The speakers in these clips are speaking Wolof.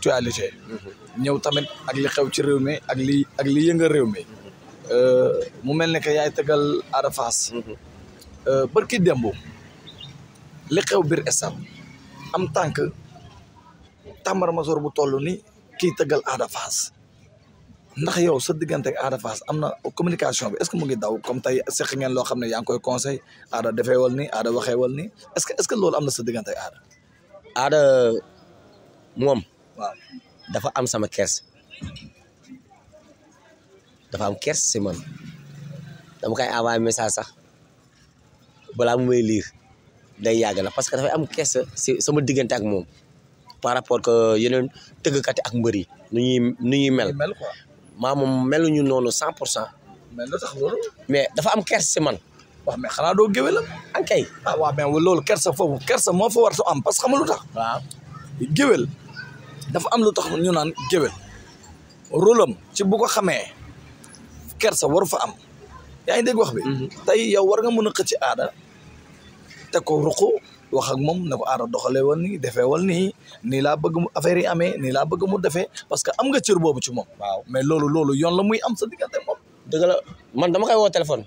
actualité ñëw tamit ak li xew ci réew mi ak li ak li yëngal réew mi euh, mu mel ne que yaay tegal Ada Fass euh, barki démb li xew biir esam am tànk Tamba Masor bu toll ni kii tegal Ada Fass ndax yow sa diggante ak Ada Fass am na communication bi est-ce mu ngi daw comme tey seq ngeen loo xam ne yaa ngi koy conseil Ada defee wal ni Ada waxee wal ni est-ce que est am na sa diggante Ada Ada moom dafa am sama kers dafa am kers si man dama koy envoyé message sax balaa mu may liir day yàgg na parce que dafay am kers sama diggante ak moom par rapport que yeneen tëggkat yi ak mbër yi nu ñuy nu ñuy mel maa moom meluñu noonu cent pour cent mais lu mais dafa am kers si man waaw xanaa doo géwél la ankay ah waaw mais loolu kersa foofu kersa moo fa war su am parce que xam nga géwél dafa am lu tax ñu naan géwél rôlam ci bu ko xamee kersa waru fa am yaa ngi dégg wax bi mhm. tey yow war nga mën a ci aada te ko ruqu wax ak moom ne ko aada doxalee wal nii defee wal nii nii laa bëgg mu affaire yi amee nii laa bëgg mu defee parce que am nga cir boobu ci moom waaw mais lolu loolu yoon la muy am sa diggante moom dëgg la man dama kay woo téléphone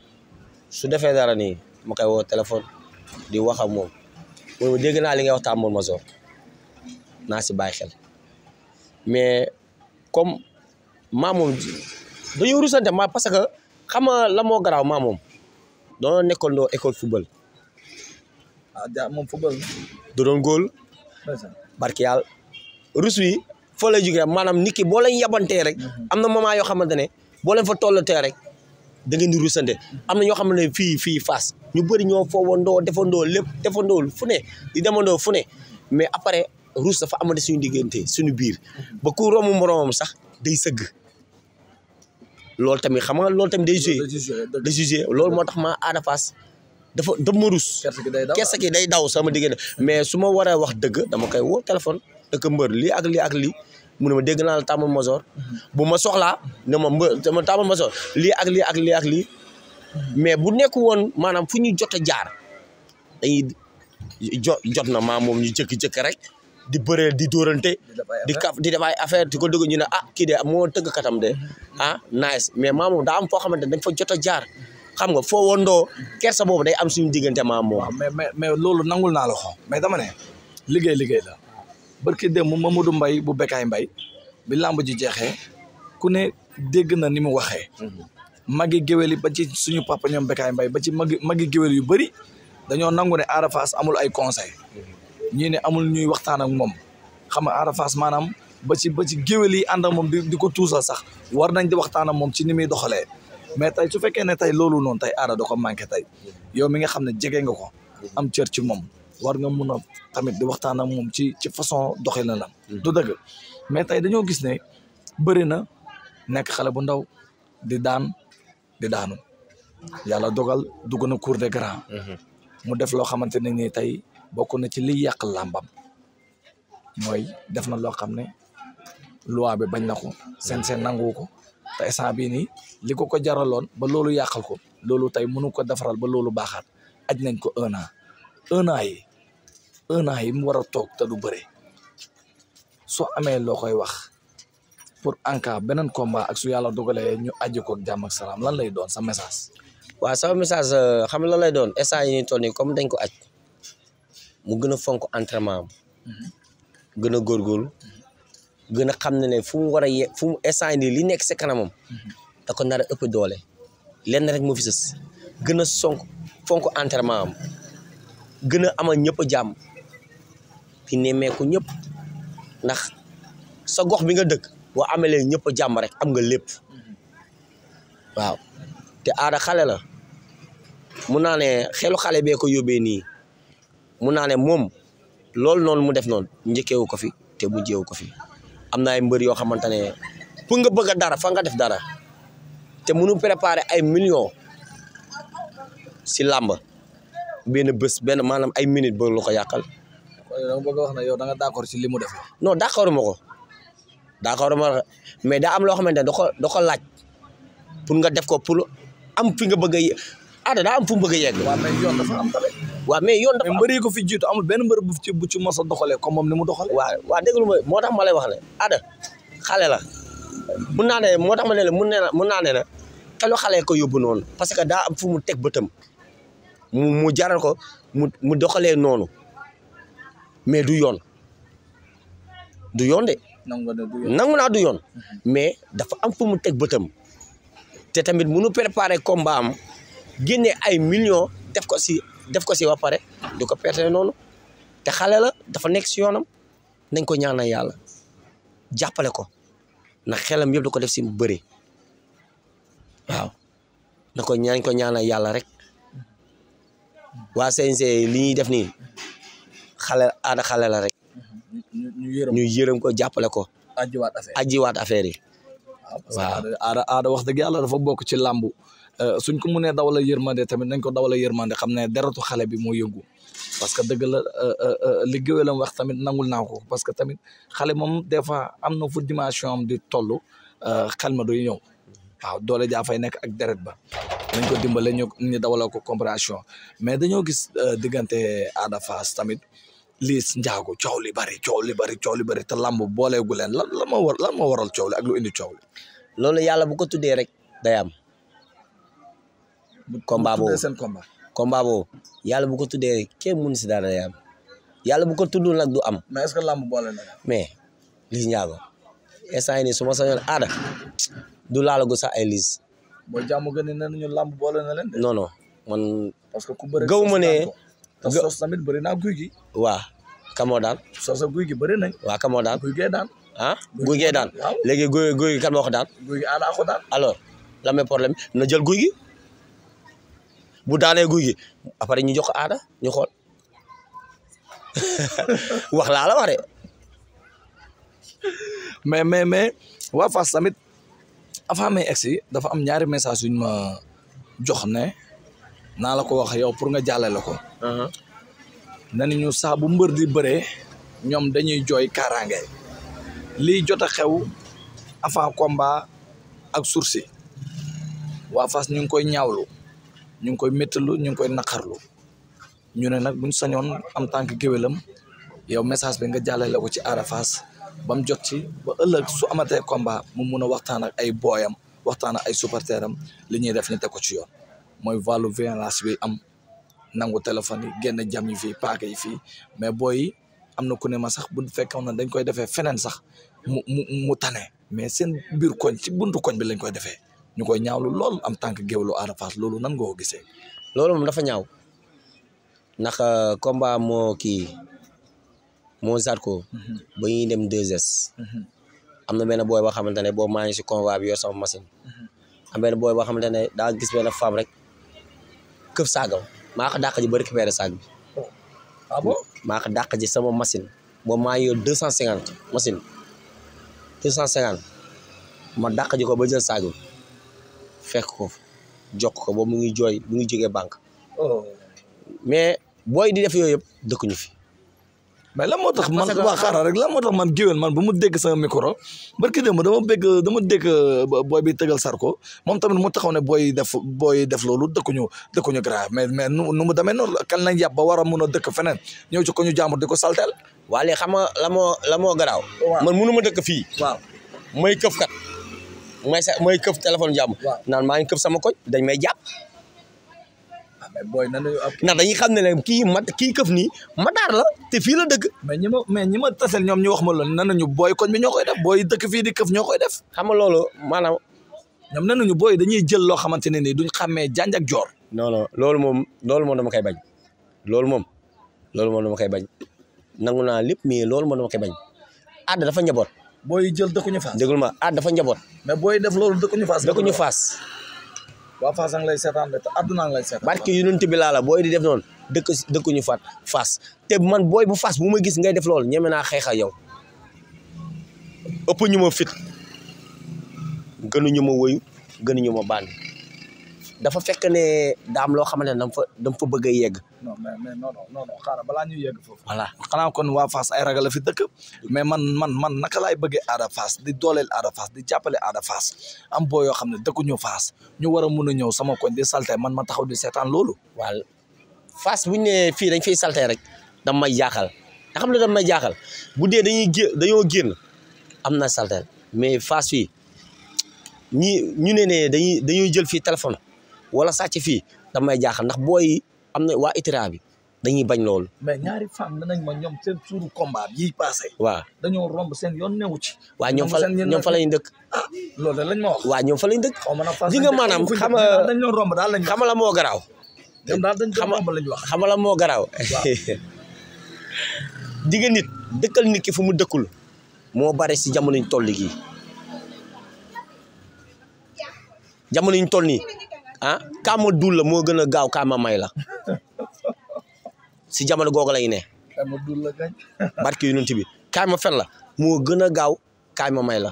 su defee dara nii ma koy woo téléphone di wax moom mooy dégg naa li ngay waxtaan moom ma soor naa si bàyyi xel mais comme ma moom dañoo rusante ma parce que xam nga la moo moom doon nekkoon doo école football. ah ja moom football. du doon góol. barke yàlla rus wi foo lay jógee maanaam nit ki boo rek. Mhm. am na moment yoo xamante ne boo leen fa tollatee rek da ngeen di rusante am na ñoo xam ne fii fii Fass ñu bëri ñoo foowandoo defandoo lépp defandoo fu ne di demandoo fu ne mais après. ruus dafa amati suñu diggante suñu biir ba ku romb moromam sax day sëgg loolu tamit xam nga loolu tamit day jugé day jugé loolu moo tax ma Ada Fass dafa daf ma ruus kersa ki day daw sama diggante mais su ma waree wax dëgg dama koy woo téléphone dëkk mbër lii ak lii ak lii mu ne ma dégg naa la tàmbal mhm. bu ma soxlaa ne ma mbër ma tàmbal masoor lii ak lii ak lii ak lii mais bu nekk woon maanaam fu ñu jot jaar jo jot na maa moom ñu jëkki-jëkki rek di bëree di dóorante di kaf di def ay affaire di ko dégg ñu ne ah kii de moo tëgg katam de ah nice mais maam moom daa am foo xamante ne dañ fa jot a jaar xam nga foo wondoo kersa boobu am suñu diggante maam moom. mais mais mais loolu nangul naa la ko mais dama ne liggéey liggéey la barki démb Mamadou Mbaye bu Bekaay Mbaye bi làmb ji jeexee ku ne dégg na ni mu waxee. Mhm. magi géwél yi ba ci suñu papa ñoom Bekaay Mbaye ba ci magi magi géwél yu bëri dañoo nangu ne Ada Fass amul ay conseil mhm. ñii ne amul ñuy waxtaan ak moom xam nga Ada Fass maanaam ba ci ba ci géwél yi ànd ak moom di di ko tuusal sax war nañ di waxtaan ak moom ci ni muy doxalee mais tey su fekkee ne tey loolu noonu tey Ada da ko manqué tey yow mi nga xam ne jege nga ko am cër ci moom war nga mun a tamit di waxtaan ak moom ci ci façon doxalinam. du dëgg mais tey dañoo gis ne bëri na nekk xale bu ndaw di daan di daanu yàlla dogal dugg na cour des mhm. mu def loo xamante ne ni tey. bokk na ci liy yàq làmbam mooy def na loo xam ne loi bi bañ na ko seen seen ko te instant bii nii ko ko jaraloon ba loolu yàqal ko loolu tey mënu ko defaral ba loolu baaxaat aj nañ ko un an un an yi yi mu war a toog te du bëre soo amee loo koy wax pour en cas beneen combat ak su yàlla dogalee ñu aji ko jàmm ak salaam lan lay doon sa message. waaw sama message euh, xam lan doon instant yi ñuy toll nii dañ ko aj mu gën a fonk entraînement am gën a góorgóorlu gën a xam ne ne fu mu war a ye fu mu instant nii li nekk si kanamam da ko nar a ëpp doole lenn rek moo fi sës gën a sonk fonk entraînement am gën a amal ñëpp a jàmm di nemmeeku ñëpp ndax sa gox bi nga dëkk boo amalee ñëpp a jàmm rek am nga lépp waaw te aada xale la mun naa ne xelu xale bee ko yóbbee nii mun naa ne moom loolu noonu mu def noonu njëkkeewu ko fi te mujjeewu ko fi am na ay mbër yoo xamante ne pour nga bëgg dara fa nga def dara te munu préparer ay millions si làmb benn bés benn maanaam ay minutes ba la ko yàqal. da nga bëgg a wax ne yow da nga d'accord si li mu def. non d'accord ma ko d'accord ma mais daa am loo xamante ne da ko laaj pour nga def ko pour am fi nga bëgg a ye ah bëgg yegg. waaw mais yoon dafa mbëri ko fi jito amul benn mbër bu ci bu ci mos a moom ni mu doxalee waaw waaw déglu ma moo tax ma lay wax ne ada xale la mun naa ne moo tax ne la mun ne mun naa ne ne xelu xale ko yóbbu noonu parce que daa am fu mu teg bëtam mu mu jaral ko mu mu doxalee noonu mais du yoon du yoon de nangu naa du yoon mais dafa am fu mu teg bëtam te tamit mu nu combat am génne ay millions def ko si def ko si ba pare du ko perte noonu te xale la dafa nekk si yoonam nañ ko ñaanal yàlla jàppale ko ndax xelam yëpp da ko def si bëre waaw na ko ñaañ ko ñaanal yàlla rek waa CNG li ñuy def nii xale aada xale la rek ñu yërëm ko jàppale ko ajiwaat affaire yi waaw aada aada wax dëgg yàlla dafa bokk ci làmbu Euh, suñ ko mënee dawal a yërmande tamit nañ ko dawala a yërmande xam ne deratu xale bi moo yëngu parce que dëgg la euh, euh, li gëwélam wax tamit nangul naa ko parce que tamit xale moom des fois am na fu dimension am di toll xel ma duy ñëw waaw doole jaa fay nekk ak deret ba nañ ko dimbale ñu ñu dawalal ko compréhension mais dañoo gis diggante Ada fas tamit Liss Ndiago coow li bari coow li bari coow li bari te làmb booleegu leen lan lan moo lan moo waral coow li ak lu indi coow li loolu yàlla bu ko tuddee rek day am combat boobu seen combat combat boobu yàlla bu ko tuddee rek kenn si dara yam yàlla bu ko tuddul nag du am. mais est-ce que lamb boole na mais Liss Ndiago instant yii nii su ma sañoon du laalagu sax ay Liss. mooy jàmm gën ne nañu lamb boole na leen de. non man. parce que ku bëri gaw ma ne. te sos tamit bëri naa gi. waaw kamoo daan. sosa guy gi bëri nañ. waaw kamoo daan guy gee daan. ah guy daan léegi guy guy kan moo daan. guy gi aada ko daan. bu daanee guy gi après ñu jox ko aada ñu xool wax laa wax de. mais mais mais waa Fass tamit avant may egsi dafa am ñaari message yuñ ma jox ne naa la ko wax yow pour nga jàllale ko. Uh-huh. nani ñu saa mbër di bëree ñoom dañuy jooy kaaraange lii jot a xew avant combat ak sursi waa Fass ñu ngi koy ñaawlu. ñu ngi koy méttalu ñu ngi koy naqarlu ñu ne nag buñ soñoon am tànk géwélam yow message bi nga jàllale ko ci Ada Fass ba mu jot ci ba ëllëg su amatee combat mu mun a waxtaan ak ay booyam waxtaan ak ay supporteram li ñuy def ni teg ko ci yoon mooy wàllu violence bi am nangu téléphone yi génn jam yi fii paaka yi fii mais booy am na ku ne ma sax bu fekkoon na dañ koy defee feneen sax mu mu mu tane mais seen biir koñ ci buntu koñ bi lañ koy defee ñu koy ñaawlu lool am tànk géwlu Ada Fass loolu nan nga ko loolu moom dafa ñaaw ndax euh, combat moo kii moo Zarko. Mhm. ba ñuy dem 2S. Mhm. am na benn booy boo xamante ne boo maa ngi si convoi bi yor sama machine. Mhm. am benn booy boo xamante ne daa gis benn femme rek këf saagam maa ko dàq ji ba récupéré saag bi. Oh. ah maa ko dàq ji sama machine. boo maa ngi yor 250 machine 250 ma dàq ji ko ba jël saag fekk ko fa jokk ko ba mu ngi jooy mu ngi jógee banque. Oh. mais booy di def yooyu yëpp dëkkuñu fi. mais lan moo tax man waa xaaral rek lan moo tax man géwél man bu mu dégg sama micro barki démb dama bégg dama dégg booy bi sar ko moom tamit mu taxaw ne booy def booy def loolu dëkkuñu dëkkuñu grave mais mais nu nu mu demee noonu kan lañ yàpp ba war mun a dëkk feneen ñëw ci ko ñu jàmbur di ko salteel waalee xam nga la moo la moo garaaw man munu ma dëkk fii waaw may këf kat mooy sa mooy këf téléphone jàmm. naan maa ngi këf sama koñ dañ may jàpp. Ah, ndax dañuy xam ne ne kii mat kii këf nii mataar la te fii la dëkk. mais ma mais ñi ma tasel ñoom ñu wax ma loolu nan nañu booy koñ bi ñoo koy def booy dëkk fii di këf ñoo koy def. xam nga loolu maanaam. ñoom nan nañu booy dañuy jël loo xamante ne ni duñ xàmmee janj ak joor. non loolu moom loolu moom dama koy bañ loolu moom loolu moom dama koy bañ nangu naa lépp mais loolu moom dama koy bañ aada dafa njaboot booy jël dëkkuñu faas. déglu ma ah dafa njaboot. mais booy def loolu dëkkuñu faas. dëkkuñu faas. waa faas a ngi lay seetaan de te àdduna ngi lay seetaan. barke yonent bi laa booy di def noonu dëkk dëkkuñu faat faas te man booy bu faas bu ma gis ngay def loolu ñeme naa xeex ak yow ëpp ñu ma fit gënuñu ma woyu gënuñu ma bànn dafa fekk ne daam loo xamante ne dama fa dama fa bëgg a yegg. non mais mais non non non xaaral yegg foofu. voilà xanaa kon waa Fass ay ragal la fi dëkk. mais man man man naka laay bëggee aada Fass di dooleel aada Fass di jàppale aada Fass am boo yoo xam ne dëkkuñu Fass ñu war a mun a ñëw sama koñ di salte man ma taxaw di seetaan loolu. waaw Fass bu ñu nee fii dañ fiy salte rek dama may jaaxal nga xam ne dama may jaaxal bu dee dañuy gé dañoo génn am na salte mais Fass fii ñii ñu ne ne dañuy dañuy jël fii téléphone wala sàcc fi dama may jaaxal ndax booy. am na waa ITRA bi dañuy bañ loolu. mais ñaari femme danañ ma ñoom seen suuru combat yi passé. waaw dañoo romb seen yoon newu ci. waa ñoom fa ñoom fa lañ dëkk. ah loolu lañ ma wax. waa ñoom fa lañ dëkk. li nga maanaam xam nga romb daal lañ. xamala moo garaaw. ñoom daal dañ doon romb lañ wax xamala moo garaaw. digga nit dëkkal nit ki fu mu dëkkul moo bare si jamono ñu toll gii jamono ñu toll nii. ah kaama dul la moo gën a gaaw kaama may la si jamono googu lañu ne. kaama dul la gañ. kaama fen la moo gën a gaaw kaama may la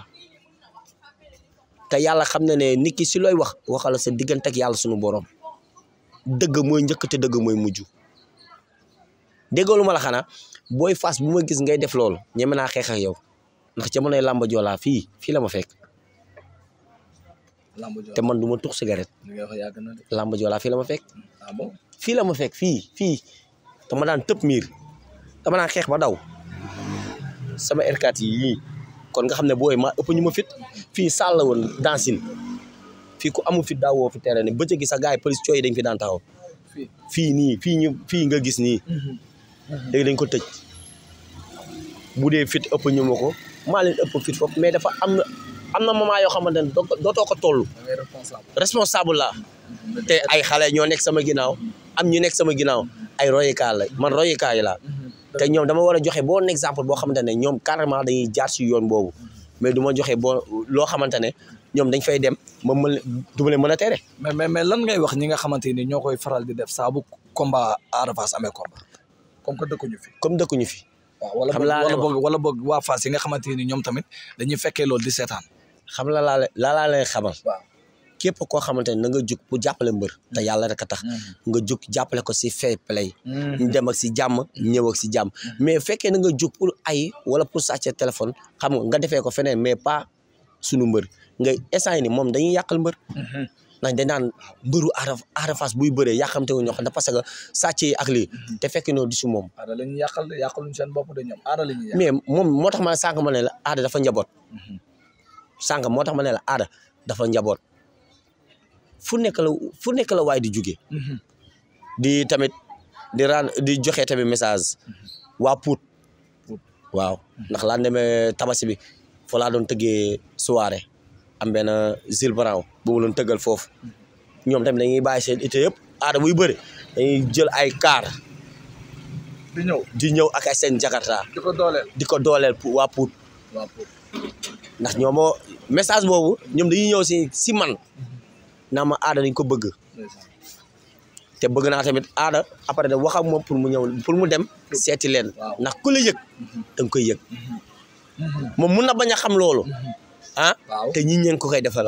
te yàlla xam na ne nit ki si looy wax waxala sa diggante yàlla sunu boroom dëgg mooy njëkk te dëgg mooy mujj déggoolu ma la xanaa booy fas bu ma gis ngay def loolu ñeme naa xeex ak yow ndax ay làmba joolaa fii fii la ma fekk. te man du ma tux cigarette làmb joolaa fii la ma fekk ah, fi la ma fek fi fi dama daan tëb miir dama daan xeex ba daw sama erkat yi yii kon nga xam ne booy maa ëpp ñu ma fit fii sàll la woon dansin ku amul fit daawoo fi tere ne bëccëg gi sax gars yi police cooy dañ fi daan taxaw fi nii fii ñu nga gis ni mhm. mhm. léegi dañ ko tëj bu dee fit ëpp ko maa leen ëpp fit foofu mais dafa am am na moment yoo xamante ne dootoo ko toll. responsable la te ay xale ñoo nekk sama ginnaaw am ñu nekk sama ginnaaw ay royukaay la man royukaay la mm-hmm. te ñoom dama war a joxe bon exemple boo xamante ne ñoom carrément dañuy jaar si yoon boobu mais du joxe bon loo xamante ne ñoom dañ fay dem ma mën du ma leen a tere. mais mais lan ngay wax ñi nga xamante ni ñoo koy faral di def saabu combat Ada Fass amee combat comme que dëkkuñu fi. comme dëkkuñu fi. waaw wala boog wala boog waa Fass yi nga xamante ni ñoom tamit dañuy fekkee loolu di seetaan. xam la laa la laa lay xamal. képp koo xamante ne na nga jóg pour jàppale mbër te yàlla rek a tax mm-hmm. nga jóg jàppale ko si fair play mm-hmm. ñu dem ak si jàmm mm-hmm. ñëw ak si jàmm mais fekkee na nga jóg pour ay wala pour sàcce téléphone xam nga nga defee ko feneen mais pas sunu mbër ngay instant ni moom dañuy yàqal mbër ndax dañ naan mbëru aara aarafas buy bëree yàqamte wu ñoo xam ne parce que ak te fekk noo di su moom aada lañu yàqal yàqaluñ seen bopp de mais moom moo tax ma sànq ma ne la aada dafa njaboot sànq moo tax ma ne la aada dafa njaboot fu nekk la fu waay di jóge mhm. di tamit di di joxe tamit message mhm. waa Pout waaw mhm. ndax laa demee tabaski bi laa doon tëggee soirée am benn zil brown bu foofu ñoom tamit dañuy bàyyi seen ité yëpp aada buy bëri dañuy jël ay kaar di ñëw di seen jakarta di ko dooleel waa Pout ndax ñoomo message boobu ñoom dañuy ñëw si si man naa ma aada dañ ko bëgg te bëgg naa tamit aada après da wax ak moom pour mu ñëw pour mu dem seeti leen ndax ku la yëg mhm. da nga koy yëg mhm. moom mun na bañ a xam loolu mhm. ah te ñi ñeen ko koy defal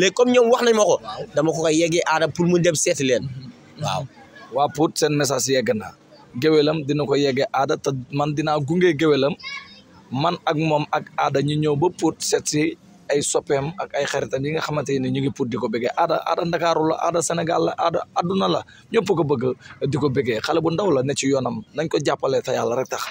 léegi comme ñoom wax nañ ma ko dama ko koy yeggee aada pour mu dem seeti leen waaw waa Pout seen message yegg na géwélam dina ko yeggee aada man dinaa gunge géwélam man ak moom ak aada ñu ñëw ba Pout seet si ay sopem ak ay xaritam yi nga xamante ne ñu ngi Pout di ko bëggee aada aada ndakaaru la aada Sénégal la aada ko bëgg di ko bëggee xale bu ndaw la ne ci yoonam nañ ko jàppale te yàlla rek tax